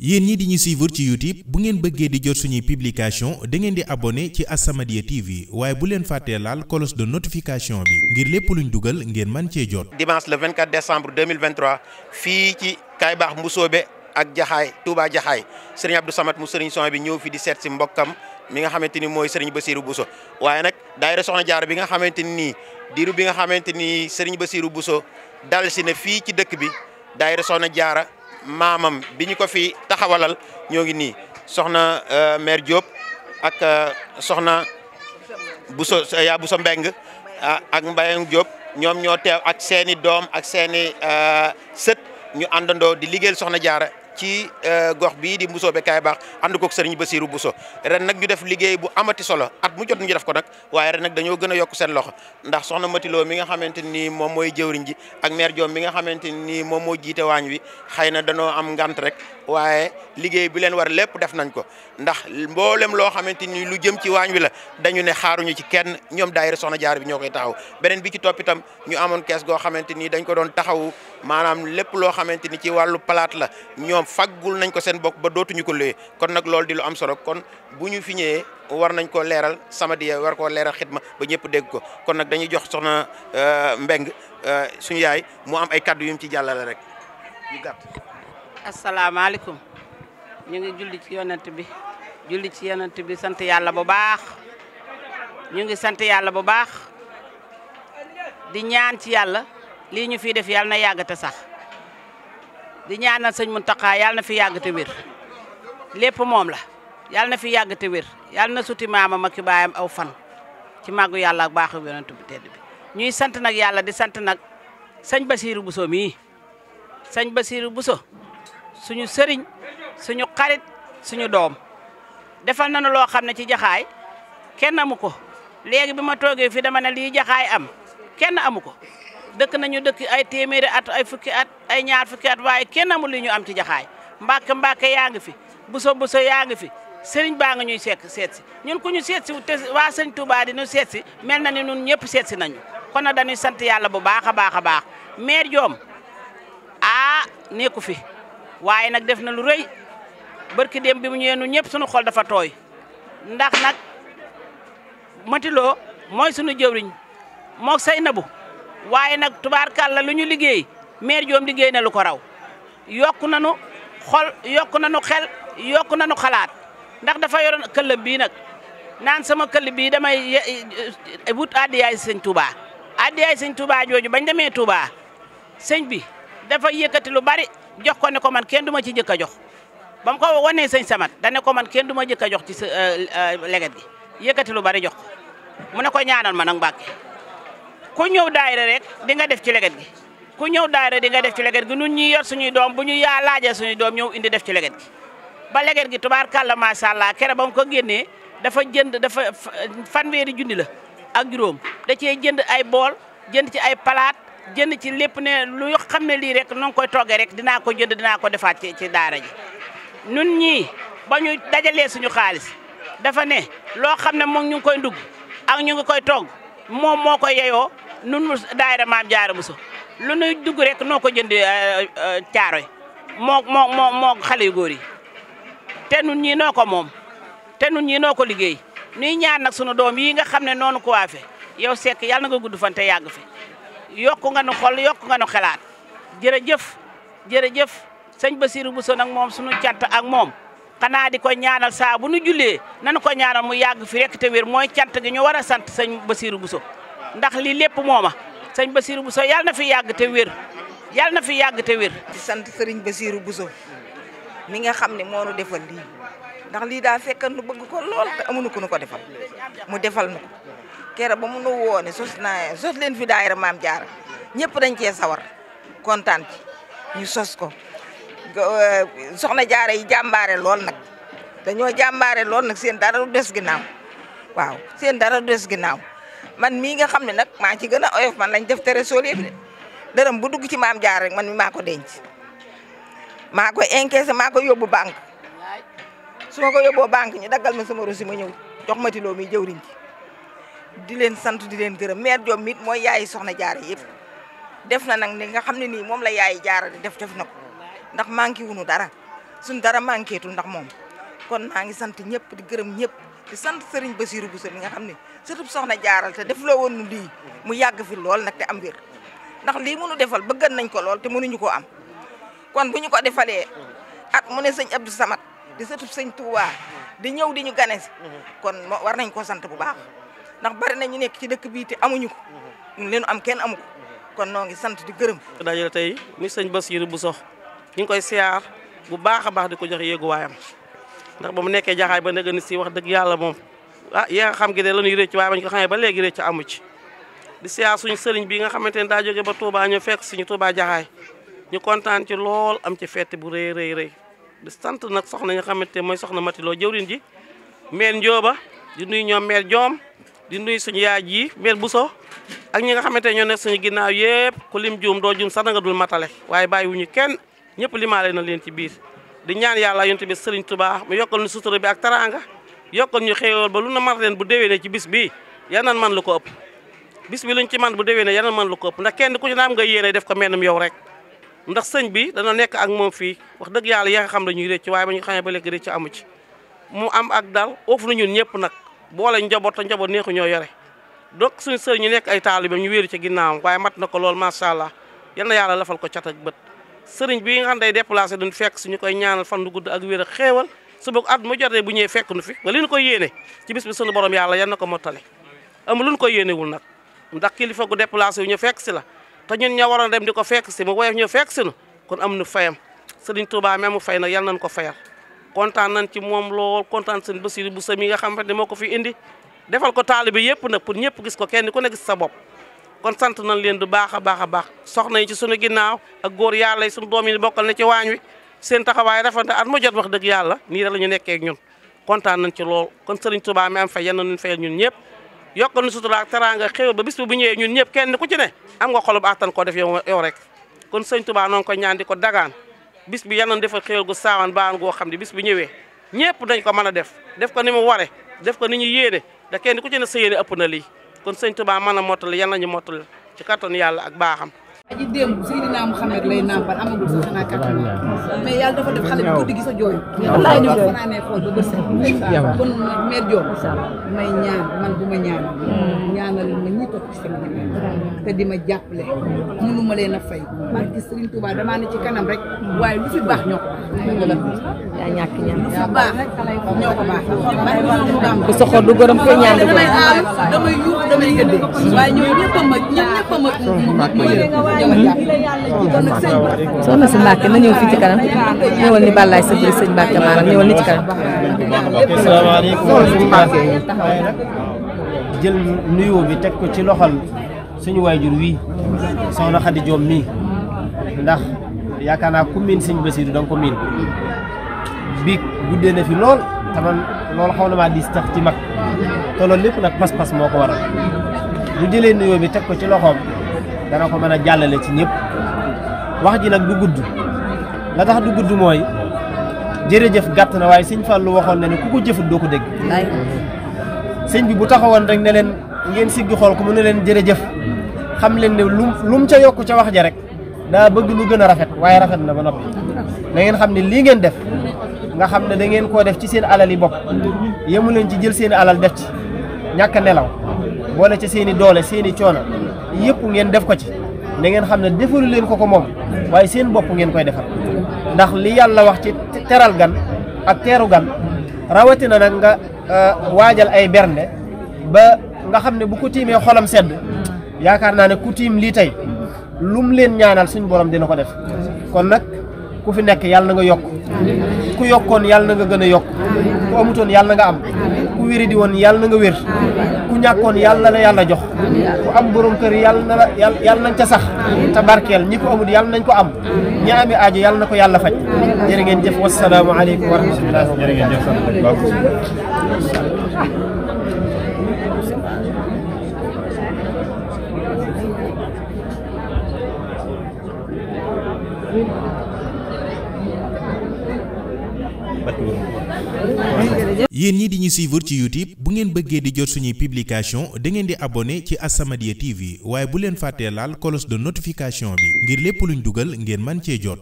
yéen ñi di ñu suivre ci YouTube bu ngeen bëggee di jot suñuy publication da ngeen di abonné ci As-Samadiyya TV waaye bu leen fàttee laal cloche de notification bi ngir lépp luñ dugal ngeen man cee jot. dimanche le 24 décembre 2023 fii ci Kaay Baax Mbusoobe ak Jaxaay Touba Jaxaay sëriñ Abdou Samad mu sëriñ son bi ñëw fi di seet si mbokkam mi nga xamante ni mooy sëriñ Basirou Bousso waaye nag daayira Soxna Jaara bi nga xamante ni diiru bi nga xamante ni sëriñ Basirou Bousso dal si na fii ci dëkk bi daayira Soxna Jaara maamam bi ñu ko fi taxawalal ñoo ngi nii soxna euh, maire Diop ak euh, soxna Bousso euh, yaa Bousso Mbeng ak Mbayang Diop ñoom ñoo teew ak seeni doom ak seeni sët ñu àndandoo di liggéeyal soxna Jaara ci euh, gox bii di Mboussobé Kaay Baax ànd kook sëriñ Basiiru Bousso ren nag ñu def liggéey bu amati solo at mu jot ñu def ko nag waaye ren nag dañoo gën a yokk seen loxo ndax soxna matiloo mi nga xamante ni moom mooy jëwriñ ji ak maire Joom mi nga xamante ni moom moo jiite waañ wi xëy na danoo am ngant rek waaye liggéey bi leen war lépp def nañ ko ndax mboolem loo xamante ni lu jëm ci waañ wi la dañu ne xaaruñu ci kenn ñoom daayira soxna jaar bi ñoo koy taxaw beneen bi ci toppitam ñu amoon kees goo xamante ni dañ ko doon taxaw maanaam lépp loo xamante ni ci wàllu palaat la ñoom faggul nañ ko seen bokk ba dootuñu ko lée kon nag loolu di lu am solo kon bu ñu fi ñëwee war nañ koo leeral samedi war koo leeral xidma ba ñëpp dégg ko kon nag dañuy jox soxna euh, Mbeng euh, suñu yaay mu am ay kàddu yu ci jàllale rek asalaamaaleykum ñu ngi julli ci yoonant bi julli ci yonent bi sant yàlla bu baax ñu ngi sant yàlla bu baax di ñaan ci yàlla lii ñu fi def yàlla na yàgg te sax di ñaanal sëñ Muntaxa yàlla na fi yàgg te wér lépp moom la yàlla na fi yàgg te wér yàlla na suti maamam ak baayam aw fan ci màggu yàlla ak baaxu yonent bi tedd bi ñuy sant nag yàlla di sant nag sëñ Basiiru Buso mii sëñ Basiiru Buso suñu sëriñ suñu xarit suñu doom defal na nu loo xam ne ci jaxaay kenn amu ko léegi bi ma toogee fii dama ne lii jaxaay am kenn amu ko dëkk nañu dëkk ay téeméeri at ay fukki at ay ñaar fukki at waaye kenn amul li ñu am ci jaxaay mbàkk mbake yaa ngi fi buso buso yaa ngi fi sëriñ baa ngi ñuy sekk seet si ñun ku ñu seet si waa sëriñ Touba di ñu seet si mel na ni ñun ñëpp seet si nañu kon nag dañuy sant yàlla bu baax a baax a baax maire Diome ah nekku fi waaye nag def na lu rëy barki dem bi mu ñëwee ñun ñëpp suñu xol dafa tooy ndax nag matiloo mooy suñu jëwriñ moog say bu waaye nag tubaar tubaarkàlla lu ñu liggéey maire joom liggéey na lu ko raw yokku nañu xol yokku nañu xel yokku nañu xalaat ndax dafa yoroon këllëm bii nag naan sama këll bii damay wut addiyaay sëñ Touba addiyaay sëñ tubaa jooju bañ demee Touba sëñ bi dafa yëkkati lu bari jox ko ne ko man kenn duma ci njëkk a jox ba mu ko wanee sëñ samat dane ko man kenn du ma njëkk jox ci sa euh, euh, leget gi yëkkati lu bari jox ko mu ne ko ñaanal ma nag Mbàkke ku ñëw daayira rek di nga def ci leget gi ku ñëw daayira di nga def ci leget gi nun ñuy yor suñuy doom bu ñu yaa laajee suñuy doom ñëw indi def ci leget gi ba leget gi tubaarkàlla macha allah kere ba mu ko génnee dafa jënd dafa fanweeri junni la ak juróom da cee jënd ay bool jënd ci ay palaat jënd ci lépp ne lu xam ne lii rek nong koy toggee rek dinaa ko jënd dinaa ko defaat ci ci daara ji nun ñii ba ñu dajalee suñu xaalis dafa ne loo xam ne moom ñu koy ndugg ak ñu ngi koy togg moom moo koy yeyoo nun daayira maam jaara Buso lu nuy dugg rek noo ko jënd euh, euh, caaroy moo moo moo moo xale yu góor yi te nun ñii noo ko moom te nun ñii noo ko liggéey nuy ñaan nag sunu doom yi nga xam ne noonu ko waafe yow sekk yàlla na nga gudd fan yàgg fi yokk nga nu xol yokk nga nu xalaat jërëjëf jërëjëf sëñ Basiru Bousso nag moom suñu cant ak moom xanaa di ko ñaanal saa bu nu jullee nanu ko ñaanal mu yàgg fi rek te wér mooy cant gi ñu war a sant sëñ Basiru Bousso ndax lii lépp mooma sëñ Basiru Bousso yàlla na fi yàgg te wér yàlla na fi yàgg te wér. di sant sëriñ Basiru Bousso mi nga xam ne moo nu defal lii ndax lii daa fekkan nu bëgg ko lool te amuñu ko nu ko defal mu defal nu ko. kere ba mu nu woo ne sos naa sos leen fi daayira maam jaara ñëpp dañ cee sawar kontaan ci ñu sos ko euh, soxna jaara yi jàmbaare lool nag dañoo jàmbaare lool nag seen dara du des ginnaaw waaw seen dara du des ginnaaw man mii nga xam ne nag maa ci gën a oyof man lañ def tere sool yëpp de dërëm bu dugg ci maam jaar rek man mi maa ko denc maa ko encaissé maa ko yóbbu banque su ko yóbboo bank ñu daggal ma sama reçu ma ñëw jox ma tiloo mi jëwriñ ci di leen sant di leen gërëm mère Diop mit mooy yaayi soxna jaara yëpp def na nag ni nga xam ne ni moom la yaayi jaara di def def na ko ndax manqué wunu dara suñ dara manqué tu ndax moom kon naa ngi sant ñëpp di gërëm ñëpp di sant Serigne bu Bousso mi nga xam ne surtout soxna jaaral te def loo woon di mu yàgg fi lool nag te am wér ndax lii mënu defal bëggan nañ ko lool te ñu koo am kon bu ñu ko defalee at mu ne sëñ Abdou Samad di surtout sëñ tuwa di ñëw di ñu mm-hmm. sant ndax bari na ñu nekk ci dëkk bii te amuñu ko leen mhm. am kenn amu kon noo ngi sant di gërëm dajale tey mu sëñ Basiiru bu sox ñu ngi koy siyaar bu baax a baax di ko jox waayam ndax ba mu nekkee jaxaay ba nëgëni si wax dëgg yàlla moom ah yaa xam gi de la ñuy rëcc waaye bañ ko xamee ba léegi rëcc amu ci di siyaar suñu sëriñ bi nga xamante ne daa jóge ba Touba ñu fekk suñu Touba jaxaay ñu kontaan ci lool am ci fête bu rëy rëy rëy di sant na soxna ñu xamante mooy soxna Mati Lo jëwrin ji meer di nuyu suñu yaay ji mel Buso ak ñi nga xamante ñoo nekk suñu ginnaaw yëpp ku lim juum doo juum sax nga dul matale waaye bàyyiwuñu kenn ñëpp limaale na leen ci biir di ñaan yàlla yonent bi Sëriñ Tuubaa mu yokkal ñu sutura bi ak taraanga yokkal ñu xéewal ba lu na mar leen dewee déwénee ci bis bii yal nan man lu ko ëpp bis bi luñ ci man bu déwénee yal nan man lu ko ëpp ndax kenn ku ci naam nga yéene def ko mennum yow rek ndax sëñ bi dana nekk ak moom fii wax dëgg yàlla yaa nga xam la ñuy rëcc waaye ba ñu xamee ba léegi rëcc amu ci mu am ak dal oofu na ñun ñëpp nag boole njaboot te njaboot neexu ñoo yore donc suñu sëriñ ñu nekk ay taalibeem ñu wéeru ci ginnaawam waaye mat na ko lool macha allah yal na a lafal ko cat ak bët sëriñ bi nga xam day déplacé fekk suñu koy ñaanal fan du gudd ak wér ak su boog at mu jotee bu ñëwee fekk nu fi ba li ñu koy yéene ci bis bi suñu borom yàlla yal na ko mottale am ndax kilifa gu déplacé wu ñu fekk si la te ñun ña waroon dem di ko fekk si mu woyof ñu fekk si nu kon am nu fayam sëriñ Tuubaa mi fay na yal nañu ko fayal kontaan nañ ci moom lool kontaan seen Bassirou Bousso mi nga xam ne moo ko fi indi defal ko taalibe yëpp nag pour ñëpp gis ko kenn ku ne gis sa bopp kon sant nañ leen du baax a baax a baax soxna yi ci sunu ginnaaw ak góor yàlla yi sunu doom yi bokkal na ci waañ wi seen taxawaay rafet na at ma jot wax dëgg yàlla nii da la ñu nekkee ak ñun kontaan nañ ci lool kon sëriñ Tuubaa mi am fay yenn ñu fayal ñun ñëpp yokkal nu sutura ak teraanga xéwal ba bis bu ñëwee ñun ñëpp kenn ku ci ne am nga xolub àttan ko def yow rek kon sëriñ Tuubaa noonu ko ñaan ko dagaan bis bi yal nañu defal xéwal gu saawaan baan goo xam ne bis bi ñëwee ñëpp dañ ko mën a def def ko ni mu ware def ko ni ñu yéene da kenn ku ci ne sa yéene ëpp na lii kon sëñ Tuubaa mën a mottali yal nañu mottali ci kattan yàlla ak baaxam aji démb Seydina Mouhamed lay nàmpal amagul sax xanaa kàttan mais yàlla dafa def xale bi sa jooyu ma mm. ma ñi topp ci sama mm. te di ma jàppale mënu ma leen a fay barki Serigne Touba damaa ne ci kanam rek waaye lu fi baax ñoo ko yaa ñàkk ñaan baax rek ñoo ko baax damay aaru damay yuux damay gëdd mm. waaye ñoom ñëpp a ma ñoom ñëpp a ma soxna si Mbacke na ñëw fii ci kanam ñëwal ni Balaye sa sëñ Mbacke maanaam ñëwal ni ci kanam. jël nuyoo bi teg ko ci loxol suñu waajur wii soxna Xadi Joom ndax yaakaar naa ku miin sëñ Basiiru danga ko miin biig guddee na fi lool te man loolu diis tax ci mag te lépp nag pas-pas moo ko waral bu jëlee nuyoo bi teg ko ci loxoom. dana ko mën a jàllale ci ñépp wax ji nag du gudd la du gudd mooy jërëjëf gàtt na waaye sëñ Fallou waxoon na ne ku ko jëfut doo ko dégg sëñ bi bu taxawoon rek ne leen ngeen siggi xool ko mu ne leen jërëjëf xam leen ne lu lu mu ca yokk ca wax ja rek daa bëgg lu gën a rafet waaye rafet na ba noppi da ngeen xam ne lii ngeen def nga xam ne da ngeen koo def ci seen alal yi bopp yemu leen ci jël seen alal def ci ñàkk nelaw boole ci seen doole seeni coona yëpp ngeen def ko ci da ngeen xam ne defalu leen ko ko moom waaye seen bopp ngeen koy defal ndax li yàlla wax ci teral gan ak teeru gan rawatina nag nga euh, waajal ay bernde ba nga xam ne bu ko tiimee xolam sedd yaakaar naa ne kutiim lii tey lum leen ñaanal suñu borom dina ko def kon nag ku fi nekk yàlla na nga yokk ku yokkoon yàlla na nga gën a yokk ku amutoon yàlla na nga am ku wéri di woon yàlla na nga wér ku ñàkkoon yàlla na la yàlla jox ku am borom kër yàlla na la yàlla nañ ca sax te barkeel ñi ko amul yàlla nañ ko am ñi ami aajo yàlla na ko yàlla faj jërë ngeen jëf wasalaamu aleykum wa rahmatullah jërë ngeen jëf sant yéen ñi di ñu suivre ci YouTube bu ngeen bëggee di jot suñuy publication da ngeen di abonné ci As-Samadiyya TV waaye bu leen fàttee laal cloche de notification bi ngir lépp luñ dugal ngeen man cee jot